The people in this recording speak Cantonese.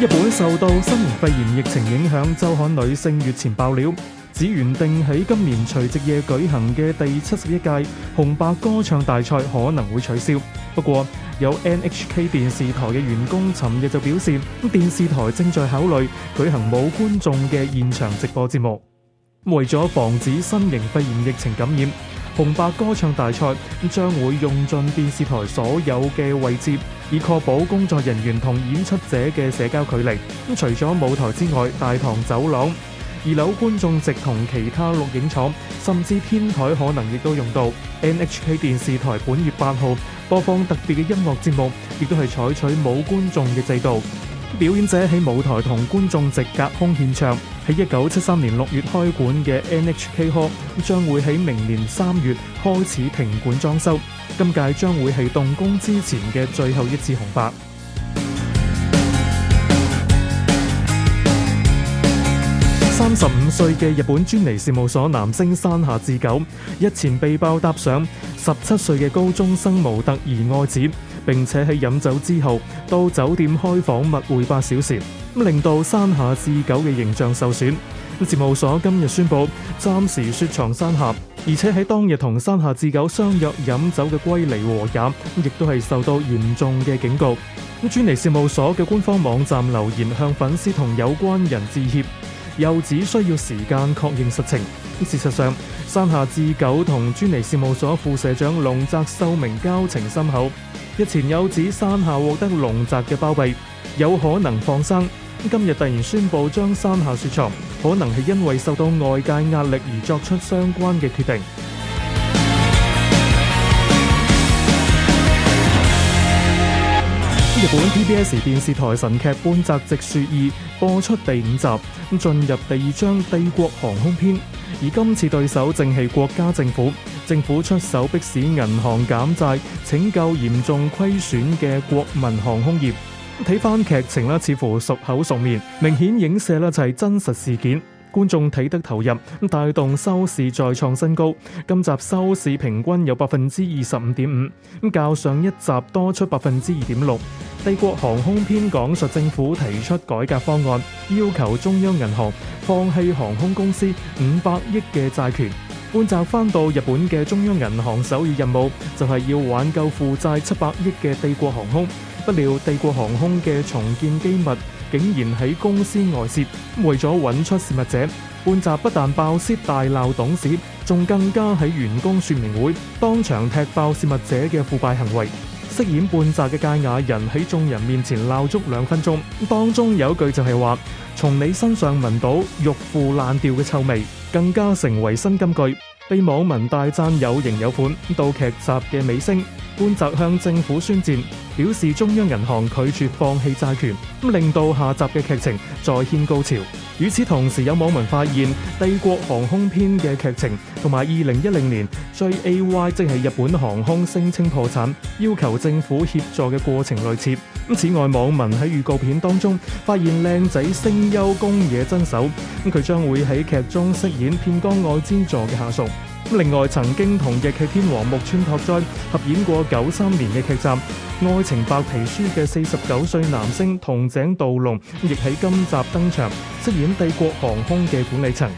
日本受到新型肺炎疫情影響，周刊女性月前爆料，指原定喺今年除夕夜舉行嘅第七十一屆紅白歌唱大賽可能會取消。不過，有 NHK 電視台嘅員工尋日就表示，電視台正在考慮舉行冇觀眾嘅現場直播節目。為咗防止新型肺炎疫情感染。紅白歌唱大賽將會用盡電視台所有嘅位置，以確保工作人員同演出者嘅社交距離。咁除咗舞台之外，大堂走廊、二樓觀眾席同其他錄影廠，甚至天台可能亦都用到。NHK 電視台本月八號播放特別嘅音樂節目，亦都係採取冇觀眾嘅制度。表演者喺舞台同觀眾席隔空獻唱。喺一九七三年六月開館嘅 NHK Hall 將會喺明年三月開始停館裝修，今屆將會係動工之前嘅最後一次紅白。三十五歲嘅日本專尼事務所男星山下智久日前被爆搭上十七歲嘅高中生模特兒愛子。並且喺飲酒之後到酒店開房密會八小時，咁令到山下智久嘅形象受損。咁事務所今日宣布暫時雪藏山下，而且喺當日同山下智久相約飲酒嘅龜梨和也，亦都係受到嚴重嘅警告。咁傑尼斯事務所嘅官方網站留言向粉絲同有關人致歉。又只需要時間確認實情。事實上，山下智久同傑尼斯事務所副社長龍澤秀明交情深厚。日前有指山下獲得龍澤嘅包庇，有可能放生。今日突然宣布將山下雪藏，可能係因為受到外界壓力而作出相關嘅決定。日本 TBS 電視台神劇《半澤直樹二》播出第五集，咁進入第二章帝國航空篇，而今次對手正係國家政府，政府出手迫使銀行減債，拯救嚴重虧損嘅國民航空業。睇翻劇情啦，似乎熟口熟面，明顯影射啦，就係真實事件。觀眾睇得投入，咁帶動收視再創新高。今集收視平均有百分之二十五點五，咁較上一集多出百分之二點六。帝國航空篇講述政府提出改革方案，要求中央銀行放棄航空公司五百億嘅債權。半集翻到日本嘅中央銀行首要任務，就係要挽救負債七百億嘅帝國航空。不料，帝國航空嘅重建機密竟然喺公司外泄，為咗揾出泄密者，半澤不但爆泄大鬧董事，仲更加喺員工說明會當場踢爆泄密者嘅腐敗行為。飾演半澤嘅堺雅人喺眾人面前鬧足兩分鐘，當中有一句就係話：從你身上聞到肉腐爛掉嘅臭味，更加成為新金句，被網民大讚有型有款到劇集嘅尾聲。官澤向政府宣戰，表示中央銀行拒絕放棄債權，咁令到下集嘅劇情再掀高潮。與此同時，有網民發現《帝國航空篇》嘅劇情同埋二零一零年 JAY 即係日本航空聲稱破產，要求政府協助嘅過程類似。咁此外，網民喺預告片當中發現靚仔聲優宮野真守，咁佢將會喺劇中飾演片岡愛之助嘅下屬。另外，曾經同日劇天王木村拓哉合演過九三年嘅劇集《愛情白皮書》嘅四十九歲男星筒井道隆，亦喺今集登場，飾演帝國航空嘅管理層。